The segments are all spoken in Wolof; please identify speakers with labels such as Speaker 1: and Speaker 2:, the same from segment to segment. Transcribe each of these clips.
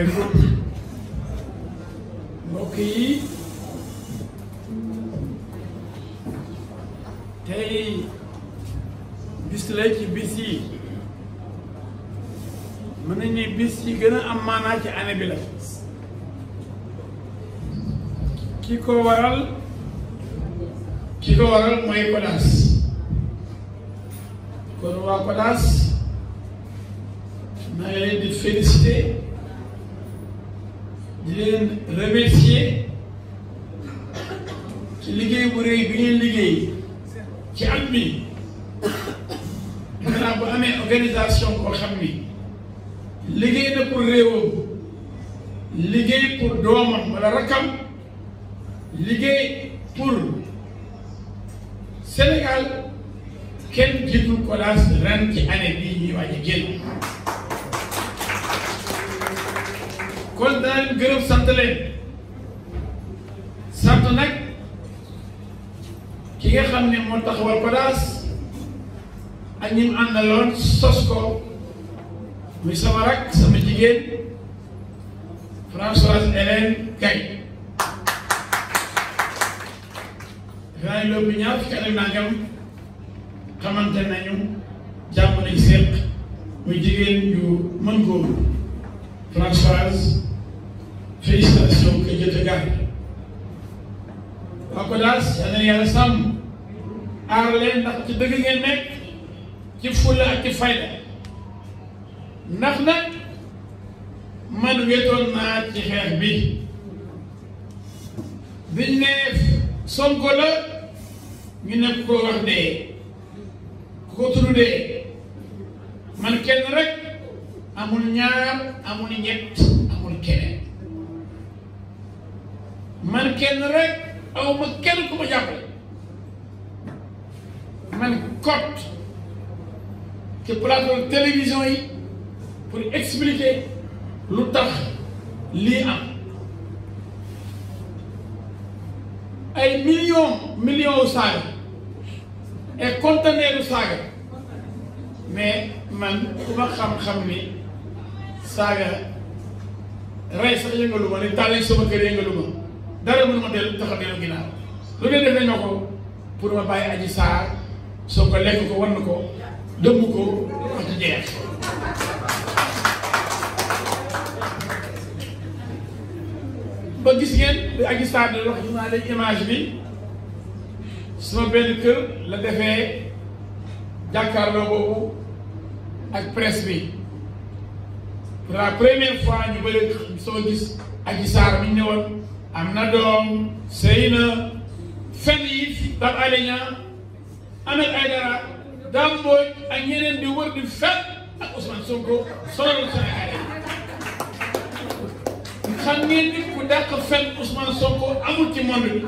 Speaker 1: asalaamaaleykum mbokk yi tey bis la ci bis yi mën nañ ne bis yi gën a am maanaa ci année bi ki ko waral ki ko waral mooy Kodas kon waa Kodas maa ngi di félicité di leen remercier ci liggéey bu bi ngeen liggéey ci at mi maanaam bu amee organisation koo xam ni liggéey na pour réewam liggéey pour doomam wala rakkam liggéey pour Sénégal kenn jiitu Colas ren ci année bii ñuy waaj a génn kon daa leen gërëm sant leen sant nag ki nga xam ne moo taxawal Kodaas ak ñi sos ko muy sama rak sama jigéen Françoise Hélène Gaye dafay lóob ñaar fukki at ak nangam xamante nañu jàmm nañ séq muy jigéen yu mën góor Françoise félicitations que Dieu te garde waa Kodas yal na leen yàlla sàmm ci dëgg ngeen nekk ci fulla ci fayda ndax nag man wetoon naa ci xeex bi biñ ne Sonko la ñu ne ku ko wax dee ku man kenn rek amul ñaar amul ñett amul keneen man kenn rek aw ma kenn ku ma jàppale man kot ci plateau télévision yi pour expliquer lu tax lii am ay millions millions saaga et conteneurs saaga mais man ku xam-xam ni saaga rey sax yëngalu ma ni tàlli sama kër yëngalu ma dara mënu ma dellu tax a dellu lu ne def nañu ko pour ma bàyyi aji soo ko lekk ko wan ko dëmb ko wax gis ngeen bi aji saar di wax ñu naa leen image bi sama benn kër la defee jàkkaarloo boobu ak presse bi pour la première fois ñu gis aji saar ne woon am na doom sëy na fen yi Pape Alé Niang Ahmed Aïdara Dame Mbodj di wër di fen ak Ousmane Sonko sonal Sénégal ngeen ni ku dàq fen Ousmane Sonko amul ci monde bi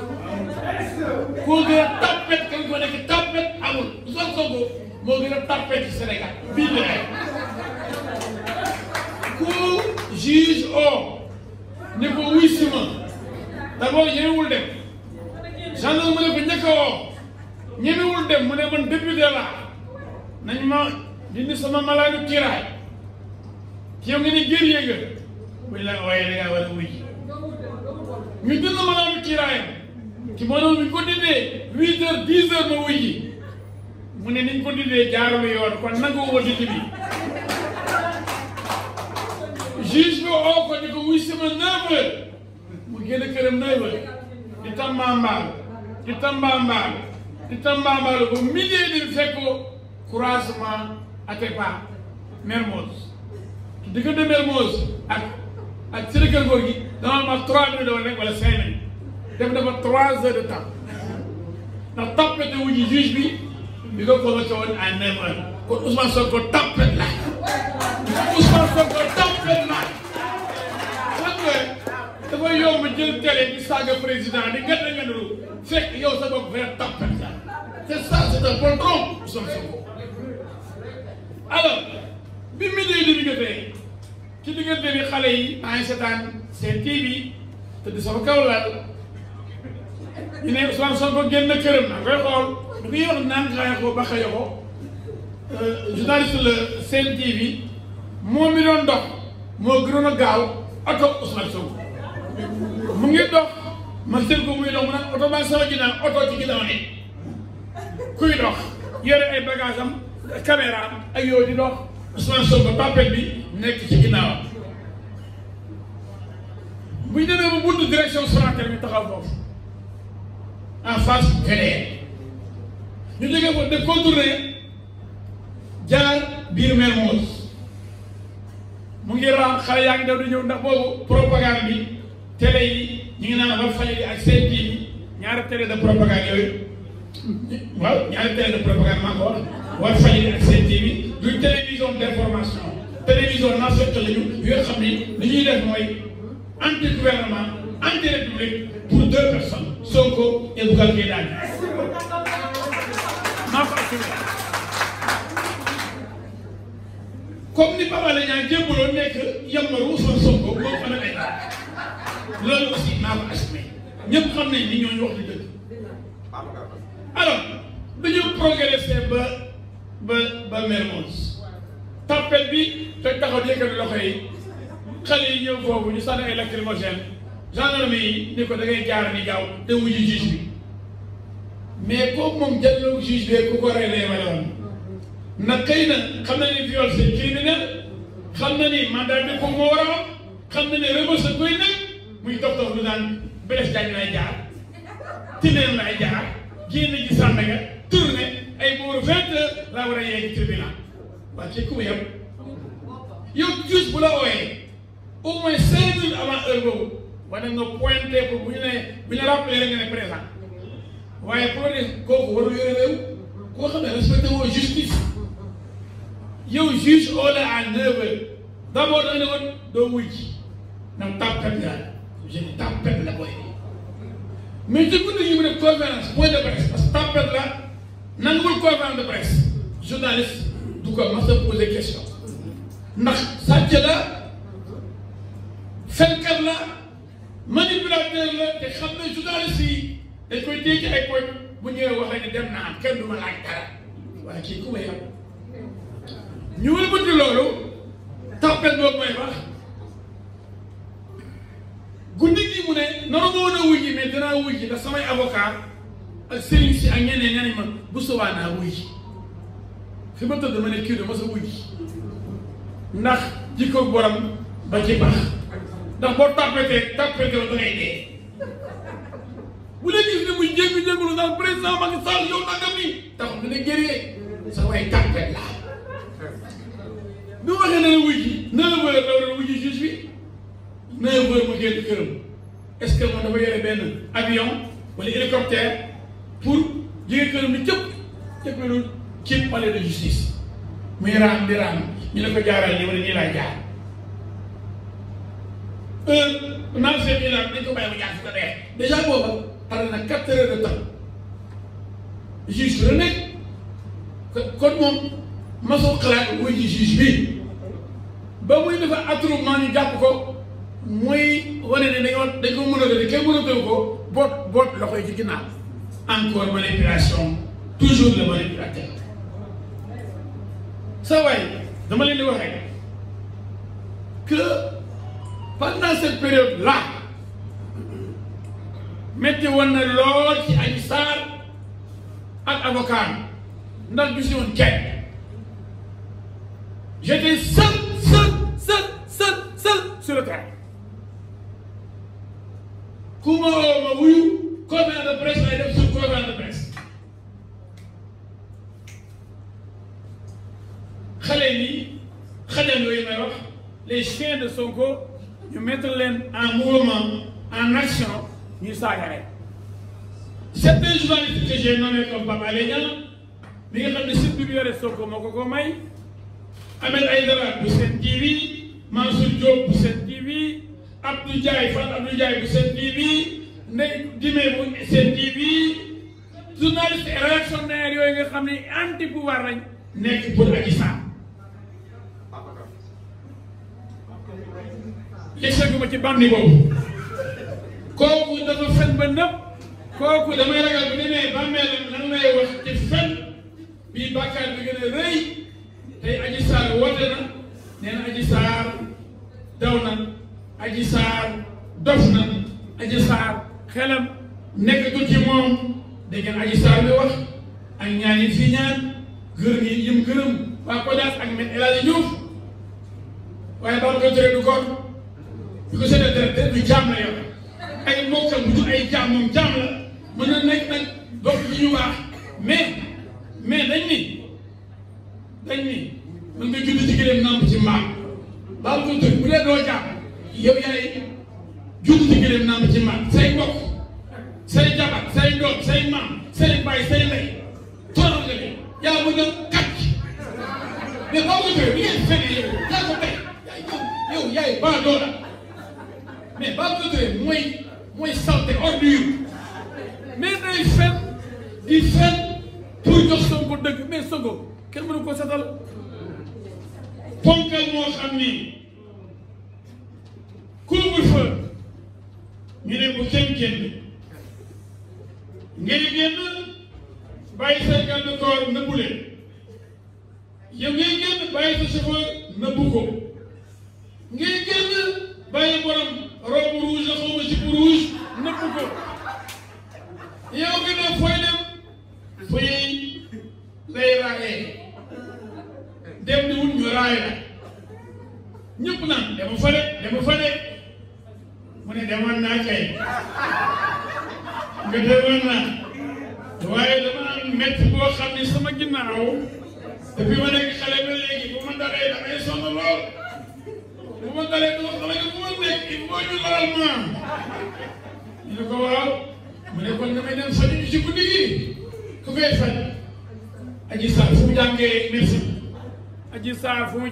Speaker 1: koo gën a tàppet kan ko nekk tàppet amul Ousmane Sonko moo gën a tàppet ci Sénégal bii la ku juge o ne ko wuy ma d'abord ñemewul dem gendarmerie bu njëkk a woo ñemewul dem mu ne man député laa nañ ma dindi sama malaanu kiiraay ci yow nga ne guerrier nga buñ la waaye da ngaa war a wuy ñu dindi malaanu kiiraayam ci maanaam bi ñu ko dindee huit heures dix heures ma wuy ji mu ne niñ ko dindee jaarul yoon kon nangu woo dindi bi juge bi oo ko ni ko wuy sama neuf heures mu génn këram nay wër di tambaambaal di tambaambaal di tambaambaal ba milieu di fekk ko croisement Atepa Mermoz te diggante Mermoz ak ak Sërikal Góor gi dama ma trois dama nekk wala cinq minutes wu ñu bi bi ko commencé woon à neuf heures kon Ousmane Sonko tappet la Ousmane Sonko tappet dafa yomb jël télé di saaga président di ngeen a ngeen fekk yow sa bopp weer tàmpet la c'est ça c'est un bon trompe son alors bi midi di diggante ci diggante bi xale yi maa ngi seen TV te di sama kaw laal ne Ousmane Sonko génn këram naa koy xool du ko yor naan ko ba xëy ko euh, journaliste la a mu ngi dox ma seen ko muy dox mu naan oto ba sama ginnaaw oto ci ginnaaw ni kuy dox yore ay bagage am caméra am ak yooyu di dox Ousmane Sonko papel bi nekk ci ginnaawam bu ñu demee ba buntu direction Sonatel bi taxaw foofu en face VDN ñu jógee foofu de contourner jaar biir Mermoz mu ngi raam xale ngi daw di ñëw ndax boobu bi télé yi ñu ngi naan Walf Fadjri ak Sen TV yi ñaari de propagande yooyu waaw ñaari télé de propagande maa ko wax Walf Fadjri TV yi télévision d'information télévision naa sott lañu yi nga xam ni li ñuy def mooy anti gouvernement anti république pour deux personnes Sonko et Bougane Gueye Dany maa ko assumé ni Papa la ñaan jébbaloon nekk yamaru son Sonko boo xam ne loolu aussi maa ko assumé ñëpp xam nañ ni ñooñu bi ñu progressé ba ba ba Mermoz tapet bi te taxaw yëkkati loxo yi xale yi ñëw foofu ñu sànni ay lacrymogène gendarme yi ni ko da ngay ni gaaw te wuyu juge bi mais kooku moom jëlloo juge bee ku ko relee nag xëy na xam ni ko moo war a wax xam na ni rëbës muy dox dox lu naan Blaise Diagne laay jaar Tilène laay jaar génn ji Sandaga tourné ay booru vingt heures laa war a yegg tribunal waa ci ku yem yow juge bu la ooyee au moins cinq minutes avant heure boobu war nga pointé pour bu ñu nee bu ñu rappelé rek nga ne présent waaye pour ne kooku warul yore réew koo xam ne respecté woo justice yow juge oo la à neuf heures d' abord da nga ne woon doo wuy ji ndax tàpp kat yéen tempête la booy mais ci guddi gi mu ne conférence point de presse parce que tempête la nanguwul conférence de presse journaliste du ko mas a poser question ndax sàcc la fenkat la manipulateur la te xam ne journaliste yi dañ koy dégg ay poñ bu ñëwee waxee ne dem naa am kenn du ma laaj dara waaye kii ku naa wuy ji ndax samay avocat ak sëriñ si ak ñeneen ñeneen ma bu subaa naa wuy ji fi ma tëdd ma ne kii du ma sa wuy ji ndax jikko borom ba ci baax ndax boo tàppatee tàppatee la da ngay dee bu dee gis ne muy jéggi jégalu naan président Macky Sall yow nangam nii taxul dina sa way tàppet laa bi mu waxee na la wuy na la wër na la na la wër mu génn këram est-ce que moom dafa yore benn avion wala hélicoptère pour jóge ni cëpp cëppeelu ci palais de justice muy raam di raam ñu ne ko jaaral nii wala nii laay jaar heure naan seen ilaam dañ ko bàyyi mu pare na quatre heures de temps juge la nekk kon moom masoo xalaat wuy ji juge bi ba muy dafa attroupement ñu jàpp ko muy wane ne dañoo dañ ko mën a doon kenn mënatoo ko boot boot loxo yi ci ginnaaw encore manipulation toujours le manipulateur sa waay dama leen di wax rek que pendant cette période là métti na lool ci Adji Sarr ak avocat ndax gis woon kenn j'étais seul seul seul seul seul sur le terrain ku ma woo ma wuyu conférence de presse lay def suñu conférence de presse xale yi xale yooyu may wax les chiens de Sonko ñu mettre leen en mouvement en action ñu saaga rek certains journalistes que j'ai nommé comme Pape Alé Niang mi nga xam ne site bi mu yore Sonko moo ko ko may Ahmed Aïdara bu Sen TV Mansour Abdou Ndiaye fan Abdou seen TV ne Dime bu seen TV journaliste réactionnaire yooyu nga xam ne anti pouvoir lañ nekk pour Adji Sarr yëg ma ci bandi boobu kooku dafa fen ba nëpp kooku damay ragal bu demee bàmmeelam lan lay wax ci fen bii bàkkaar bi gën a rëy tey Adji Sarr woote na nee na daw na aji saar dof na aji saar xelam da ngeen aji saar bi wax waaye daal ko jëlee du ko bi ay bu jaam moom jaam la mën na nekk nag dox bi ñu wax mais mais dañ ni dañ ni mën nga judd ci gëléem namp ci mbaam daal ko jël bu doo jàpp yow yaay judd ci gëléem naan ci maam say mbokk say jabar say doom say maam say baay say yaa bëgg a kàcc mais boo ko jógee bi ngeen fene yow yaa ko tey yow yaay baa doola mais baa ko jógee mooy mooy salte ordure mais day fen di fen pour jox Sonko dëgg mais Sonko kenn mënu ko setal ponkal moo xam nii couvre-feu ñu ne bu kenn génn ngay génn bàyyi sa gàllankoor nëbbu leen yow ngay génn bàyyi sa chauffeur nëbbu ko ngay génn bàyyi borom.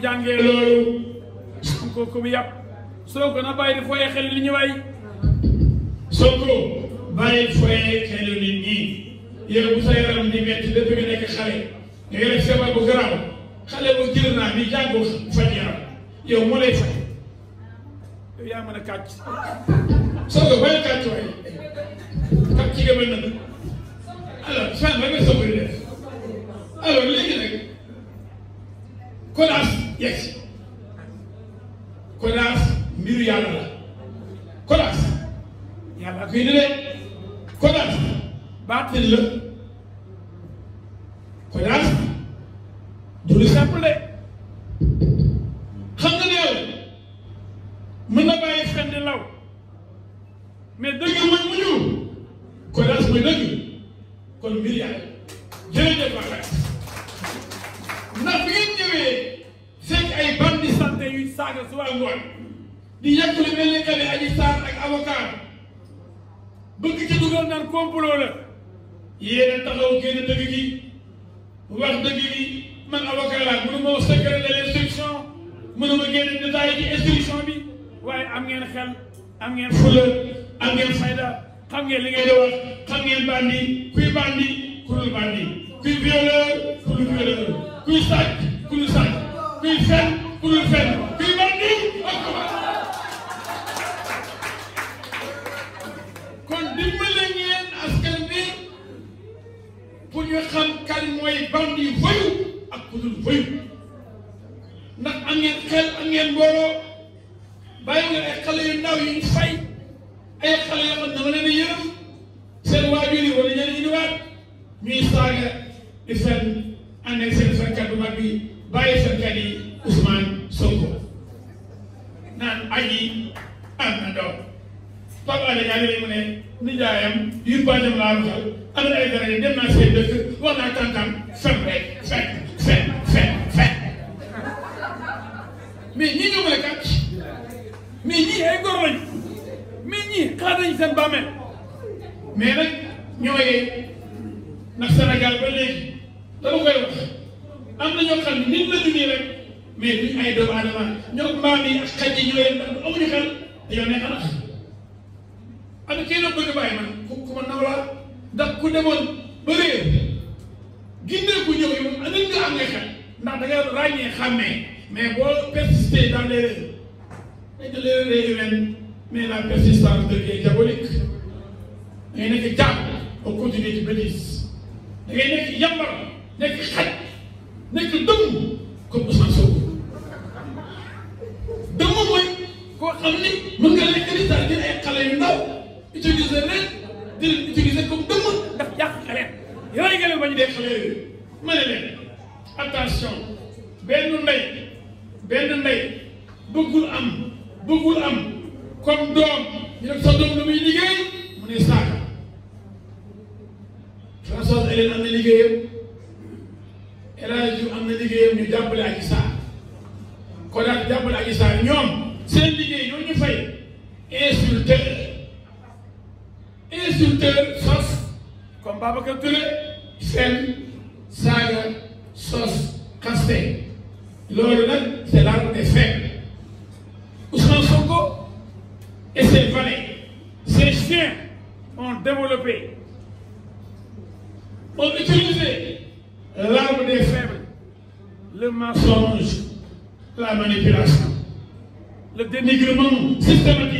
Speaker 1: jàngee loolu kooku bi yàpp soo ko na bàyyi di fooyee xel li ñu way soo ko bàyyi fooyee xelu nit ñi yow bu sa yaram di metti lépp nga nekk xale da nga def feebar bu garaaw xale bu jël naa bi jàngu faj yaram yow moo lay faj yow yaa mën a kàcc soo ko bàyyi kàcc waay kàcc ci gëmal na alors fan la nga ko di yegg si Kodas mbiru yàlla la Kodas yàlla koy dële Kodas baatin la Kodas du lu simple wax dëgg yi man avocat laa mënuma wax secret de l'instruction mënuma génne détail ci instruction bi waaye am ngeen xel am am ngeen fayda xam ngeen li ngay di wax xam ngeen bandi kuy bandi ku dul bandi kuy violeur ku dul violeur kuy sàcc ku dul sàcc kuy fen ku dul fen kuy bandi ak pour ñu xam kan mooy bandi voyu ak ku voyu ndax am xel am ngeen mbooloo ay xale yu ndaw yu ñu fay ay xale yoo xam ne dama leen a yërëm seen waajur yi wala ñeneen ñi di waat ñuy saaga di fen seen fenkat bu mag bi bàyyi fenkat yi Ousmane Sonko naan aji am na doom Pape Alé yaa nijaayam yu bàjjam laa waxal amul ay dara yi dem naa seen dëkk wax naa tàntaan fen rek fen fen fen fen mais ñi ñoo may kàcc mais ñii ay góor lañ mais ñii xaar nañ seen bàmmeel mais nag ñooyee ndax Sénégal ba léegi dama koy wax am na ñoo xam ne nit lañu nii rek mais duñ ay doomu aadama ñoo mbaam yi ak xaj yi ñoo yem ndax amuñu xel dañoo ne xanax am na kenn bëgg bàyyi man ku ku ma naw laa ndax ku demoon ba réer ginnaaw ku ñëw yow anañ nga am nga xel ndax da nga ràññee xàmmee mais boo persister dans les erreurs et que les erreurs humaines mais la persistance devient diabolique da ngay nekk jàpp ba continuer ci bêtise da ngay nekk yambar nekk xaj nekk dëmm comme Ousmane Sonko dëmm mooy koo xam ni mën nga lekk di daal jël ay xale yu ndaw utiliser leen di utiliser comme dëmm ñu def réer ma ne leen attention benn ndey benn ndey bëggul am bëggul am comme doom ñu def sa liggéey mu ne saaka Françoise Hélène am na liggéeyam El Hadj am na liggéeyam ñu jàppale ak Issa kon daal jàppale ak Issa ñoom seen liggéey ñoo ñu fay insulteur insulteur sos comme Babacar Touré seen saaga sos kaste loolu nag c'est l'arme des faibles Ousmane Sonko et ses valets ses chiens ont développé ont utilisé l'arme des faibles le mensonge la manipulation le dénigrement systématique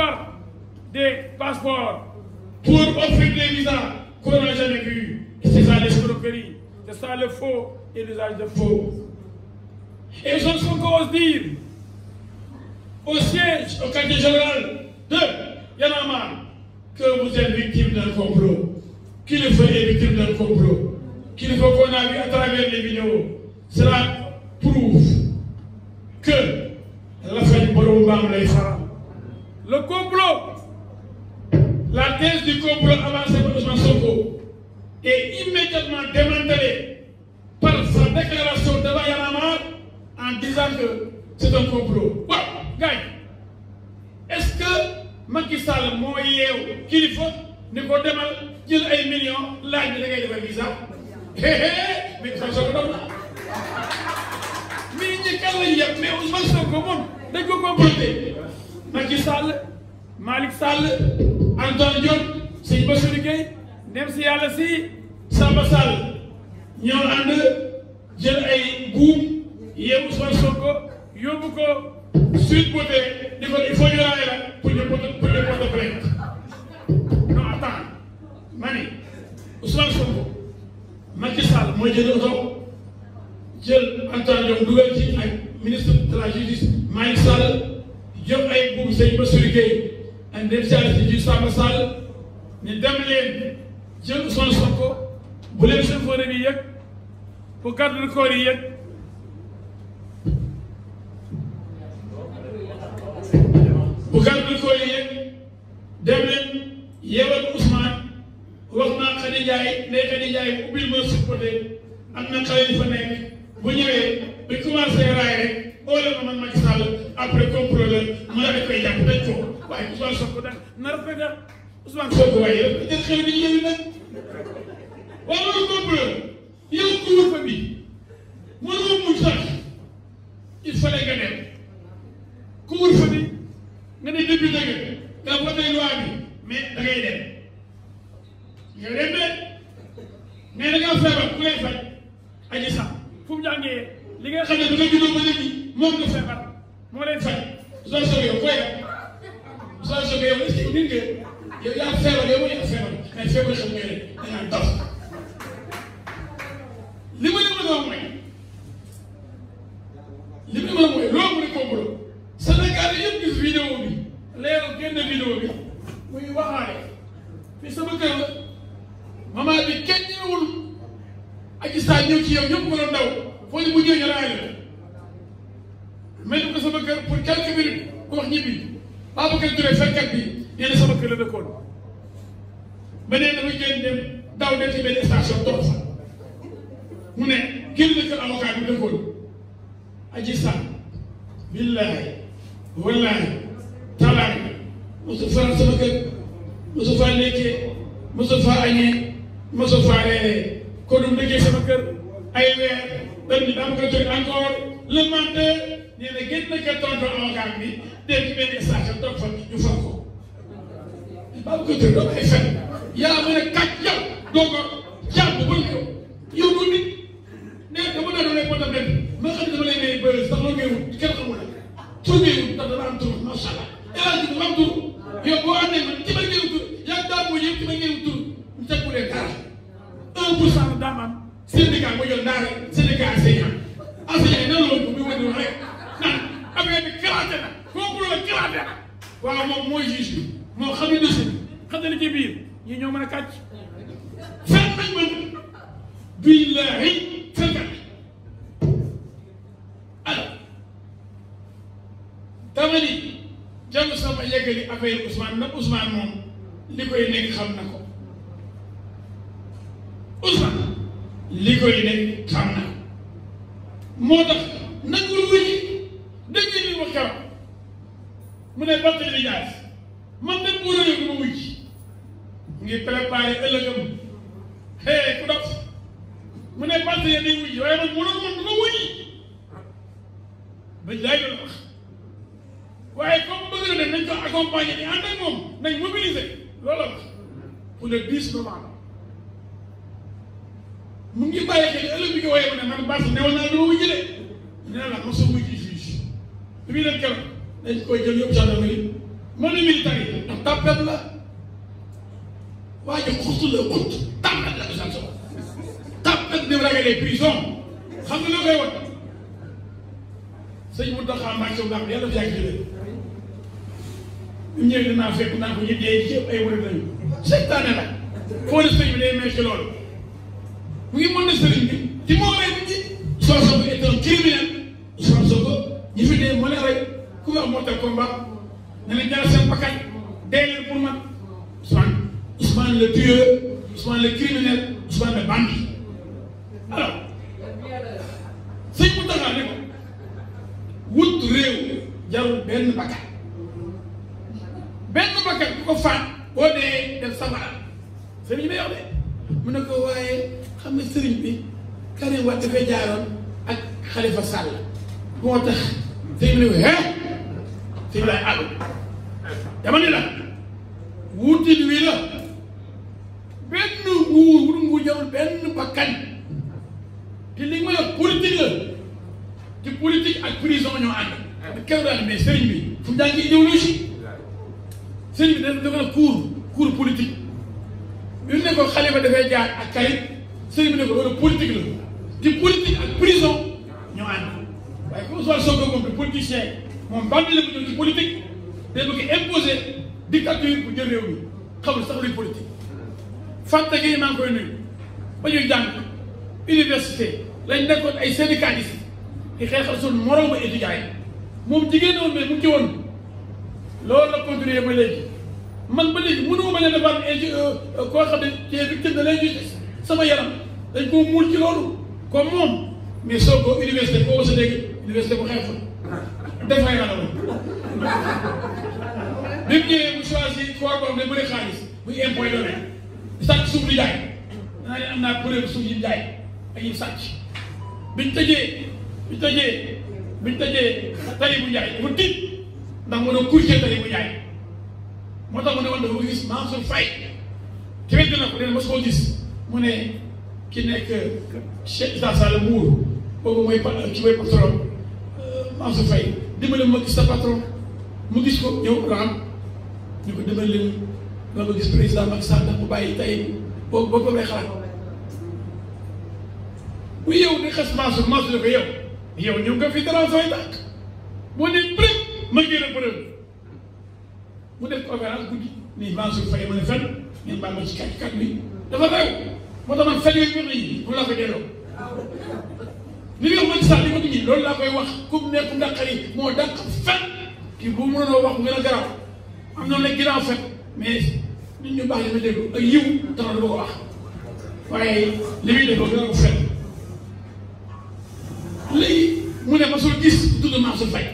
Speaker 1: encore des passeports pour offrir des visas qu'on n'a jamais vus. C'est ça l'escroquerie, c'est ça le faux et l'usage de faux. Et je ne sais pas dire au siège, au quartier général de Yanamar, que vous êtes victime d'un complot, qu'il faut est victime d'un complot, qu'il faut qu'on a vu à travers les vidéos. Cela prouve que l'affaire du Borom Bam le complot, la thèse du complot avancée par Ousmane Sonko est immédiatement démantelée par sa déclaration devant Y'en a marre en disant que c'est un complot. waaw gars est-ce que Macky Sall moo yeewu kilifa ni ko demal jël ay millions laaj bi da ngay defar visa
Speaker 2: mais
Speaker 1: Ousmane Sonko dox na mais ñi Macky Sall Malick Sall Antoine Diop sëñ Bassirou Gueye dem si yàlla si Samba Sall ñoo ànd jël ay buum yéemu Ousmane Sonko yóbbu ko suite beauté di ko il faut ñu raay la pour ñu pour ñu porte plainte non attends ma ni Ousmane Sonko Macky Sall mooy jël jël Antoine Diop dugal ci ak ministre de la justice jëm ay buum sëñ Bassirou Gueye ak dem charge si ji Samba Sall ne dem leen jël Ousmane Sonko bu leen chauffeur yi yëg bu garde corps yi yëg bu garde corps dem leen yeewal Ousmane wax naa Khady Ndiaye ndey Khady Ndiaye ubbil ma supporté am na xale yu fa nekk bu ñëwee Ousmane Sonko daal nar a fekk Ousmane Sonko waaye yow xel bi ñu yëngu nag waaw loolu complot ñëw ci yow ñëpp war a daw foo ñu mujjee ñu raay la mel ko sama kër pour quelques minutes ko wax ñibbi Babacar Touré fekkat bi nee na sama kër la ba nee na ma génn dem daw dem ci benn station toog sax mu ne génn na kër avocat bi dëkkoon aji sax billahi wallahi talaay mosu faa sama kër mosu faa lekkee mosu faa añee mosu faa reeree kon mu dëkkee ay weer benn bi dama koy jóg encore le matin nee na génn na kat tontu avocat bi dégg ci benn station toog fa ñu fal ko maa ngi koy jóg dama ay fen yaa ma ne kàcc yow doo ko jàpp bañ ko yow du nit nee na dama doon rek moo tax benn ma xam ne dama lay may bëri sax loolu ngay wut kenn xamul la tur ngay wut ndax dama am tur macha allah élargi bi ma am tur yow boo amee man ci ma ngay wut tur yaa daa boo yëpp ci ma ngay wut tur ñu teg ko leen dara un pour cent daam am syndicat bu jël daara syndicat enseignant enseignant nan la ko bi wënde wax rek bi kalaate na kooku la kalaate mooy juge bi moo xam ne dossier bi xam na ñoo mën a kàcc fen nañ ma billahi fen nañ alors dama ni jàmm sama yeggali affaire Ousmane li koy nekk xam na ko li koy ne xam na moo tax nangul wuñi dégg li ma xew mu ne Barthélémy Dias man de buur yooyu ma wuñ ngi préparé ëllëgam hey ku dox mu ne Barthélémy day wuñ waaye man mënoon man dama wuñ ba jaay doon wax waaye comme bëgg na dem nañ ko accompagner di ànd ak moom nañ mobiliser loolu la wax mu ngi bàyyi xel ëllëg bi nga wooyee ma man Barth newoon naa dama wujj ñu ne la mosoo mujj juge bi muy dem keroog dañ koy jël yóbbu gendarmerie mën na militaire yi ndax tàppet la waa ji xustu la xut tàppet la Ousmane Sonko tàppet di ragalee prison xam nga la koy wan sëñ Mountakha Mbacké baax yàlla fi yàgg jëlee ñu ñëwee dinaa fekk naa ko ñu dee ci ay wërëb lañu seetaane la foo ne sëñ bi day mel bu ñu mën a sëriñ bi ci moo rey nit ñi Ousmane Sonko est un criminel Ousmane Sonko ñi fi dee moo leen rey ku wax moo tax combat ne leen jaral seen bakkan dee leen pour man Ousmane Ousmane le tueur Ousmane le criminel Ousmane le bandit alors sëñ bu wut réew jarul benn bakkan benn bakkan ku ko faat boo def safara sëriñ bi day wax de mu ne ko xam nga sëriñ bi Karim Wade dafay jaaroon ak Khalifa Sall moo tax sëñ bi he sëñ lay àll dama ni la wutit wi te li ma la politique la te politique ak prison ñoo ànd daal mais sëriñ bi fu bi dafa ne ko Khalifa dafay jaar ak Karim sëriñ bi ne ko loolu politique la di politique ak prison ñoo ànd waaye comme Ousmane Sonko moom du politicien moom bandi la ko ci politique day bëgg imposer dictature bu jël réew mi xamul sax luy politique fàtte gi maa ngi koy nuyu ba ñu jàng université lañ nekkoon ay syndicalistes di a suñu moromu étudiants yi moom jigéen woon mais mu ci woon loolu la continuer ba léegi man ba léegi mënuma leen a baal euh, euh, koo xam ne c'est victime de l'injustice sama yaram dañ koo muul ci loolu comme moom mais soo ko université boo ko sa dégg université bu xeex fa def ay alal bi mu ñëwee mu choisir trois borom de bëri xaalis muy impôt yi doonee sàcc suuf di jaay danaa ne am naa preuve suuf yi jaay ak yi sàcc biñ tëjee biñ tëjee biñ tëjee tali bu jaay dafa tiit ndax mu doon courtier tali bu jaay moo tax mu ne woon dafa gis Mansour Faye te wedd na ko dina mos koo gis mu ne ki nekk Cheikh Issa Sall boobu mooy ci mooy patron euh, Mansour Faye dimbali ma gis patron mu gis ko ñëw raam ñu ko dimbali leen nga ma gis président Macky Sall ndax mu bàyyi tey boobu boobu lay xalaat bu yow di xas Mansour Mansour dafa yow yow ñëw nga fi dara sooy tàkk boo nee pré ma génn preuve mu def ne fenn ngeen baal ma ci kàcc dafa rew moo tax man feneen mbir yi bu la ko delloo li nga li ko nit ñi loolu laa koy wax moo dàq fen kii bu mënoon wax mu gën a garaaw am na la ginnaaw fen mais nit ñu baax li ma déglu ak yiw dara du ko wax waaye li muy def gën a fen léegi mu ne masul gis tudd Mansour Faye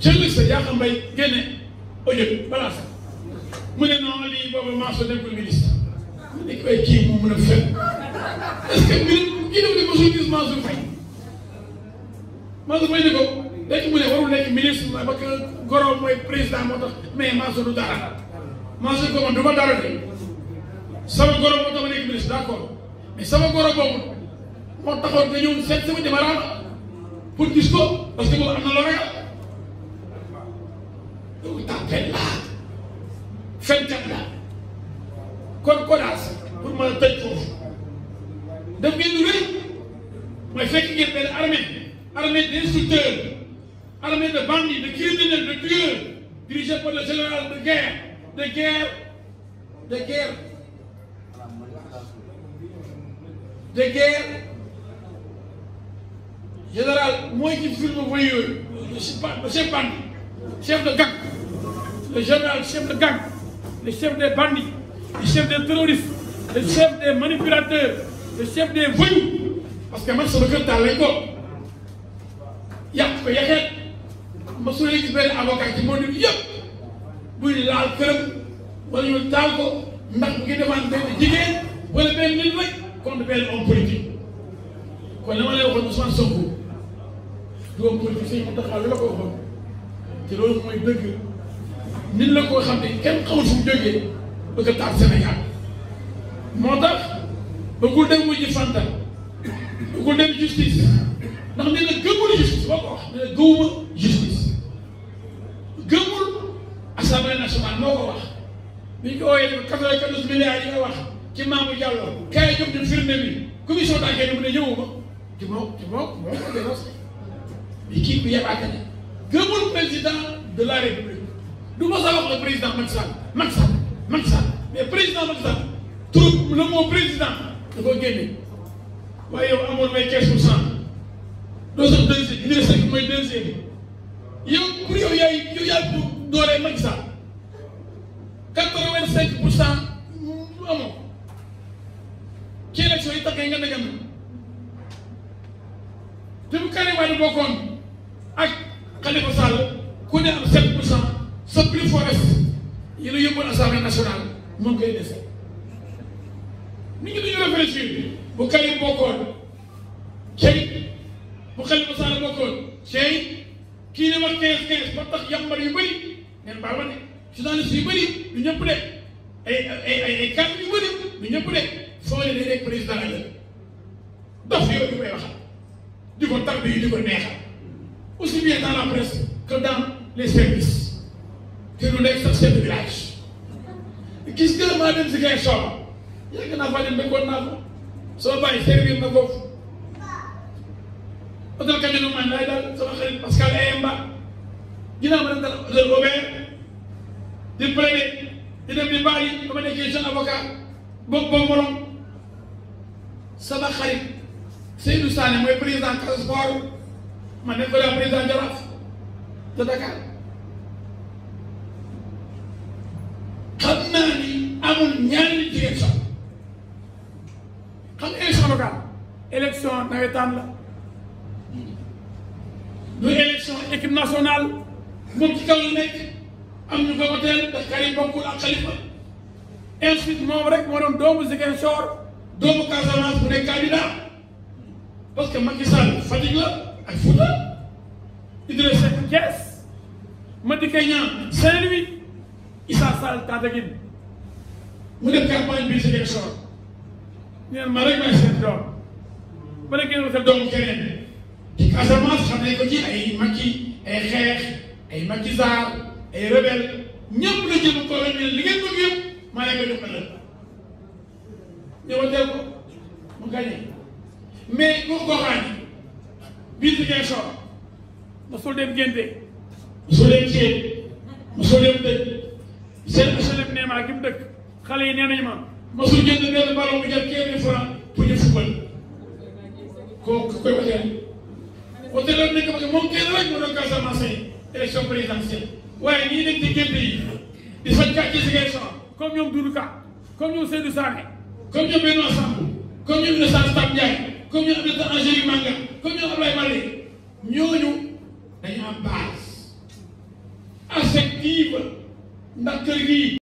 Speaker 1: jënd sa yaa xam bay génne audio balaa sax mu ne non lii boobu Mansour nekkul ministre dañ koy kii mu mën a fen est-ce que mbir kii dafa def mosul gis Mansour Faye Mansour Faye ne ko léegi mu ne warul nekk ministre la parce que goroom mooy président moo tax mais Mansour du dara Mansour ko man du ma dara de sama goroom moo tax ma nekk ministre d'accord mais sama goroom boobu moo taxoon nga ñëw seet sama démarrage pour gis ko parce que boobu am destructeurs, armée de bandits, de criminels, de tueurs, dirigés par le général de guerre, de guerre, de guerre, de guerre. Général, le chef chef de gang, le chef de gang, le chef des bandits, le chef des terroristes, le chef des manipulateurs, le chef des voyous, parce que man sa dëkk taal yàq ko yaxeet ma su gis benn avocat ci monde bi yëpp buy laal këram wala ñu taal ko ndax bu ngi demande benn jigéen wala benn nit rek contre benn homme politique kon li ma lay waxoon Ousmane Sonko du homme politique sëñ Mountakha lu la ko waxoon te loolu mooy dëgg nit la koo xam ne kenn xamul fu mu jógee bëgg a taal Sénégal moo tax bëggul dem wuy ji fanta bëggul dem justice ndax nee na gëmul justice boo ko wax nee na gëwuma justice gëmul assemblée nationale moo ko wax bi ñu ko wooyee quatre-vingt-quatorze milliards yi nga wax ci Mamou Diallo kay jóg di firnde bi commission d'enquête mu ne ñëwuma ci moom ci moom moo ko dénoncé bi kii bi yabaate ne gëmul président de la république du ma sa wax le président Macky Sall Macky Sall Macky Sall mais président Macky Sall trop le mot président da koo génne waaye yow amoon may quinze pour cent doo sax deux seeg deux mooy deux seeg yow yow yaay yow yaa doole Macky Sall quatre-vingt-cinq pour cent lu amoo ci élection yi tax nga ndegam bu Karim Wade bokkoon ak Khalifa Sall ku ne am sept pour cent sa plus forest yi la yóbboon assemblée nationale moo ngi koy dese daan heure boobee di plaider di dem di bàyyi dama nekkee jeune avocat bokk ba morom sama xarit Seydou Sané mooy président Casa Sport ma nekk la président Jaraaf de Dakar xam naa ni amul ñaari jigéen sax xam nga élection locale la du élection équipe nationale ñun ci kaw ñu nekk am ñu ko teel te Karim bokkul ak Khalifa moom rek moo doom doomu Ziguinchor doomu Casamance bu nekk candidat parce que Macky Sall Fatick la ak Fouta Idrissa Seck Thiès Madické Niang Saint-Louis Issa Sall Tataguine mu def campagne bi Ziguinchor ñeen ma rek may seen doom ma ne kenn doom keneen ci Casamance xam nañ ko ci Macky Sall ay rebelle ñëpp la jël ko rek ne li ngeen bëgg yëpp maa nekk jox na la ñëwateel ko mu gagné mais gox goxaan yi biir Linguère Sow mosoo dem Génte mosoo dem Thiel mosoo dem dëkk seen HLM Neymar ki mu dëkk xale yi nee nañu ma mosul jënd benn ballon bu jël quinze mille francs pour ñu que moom mu doon Casamance yi. élection présidentielle waaye ñii nekk ci génn yi di soññaat ci Ziguinchor comme ñoom Doudou Ka comme ñoom Seydou Sané comme ñoom Benoît Sambou comme ñoom Innocence Ntap Ndiaye comme ñoom Aminata Angélique Manga comme ñoom Abdoulaye Wade ñooñu dañu am base affective ndax kër gii.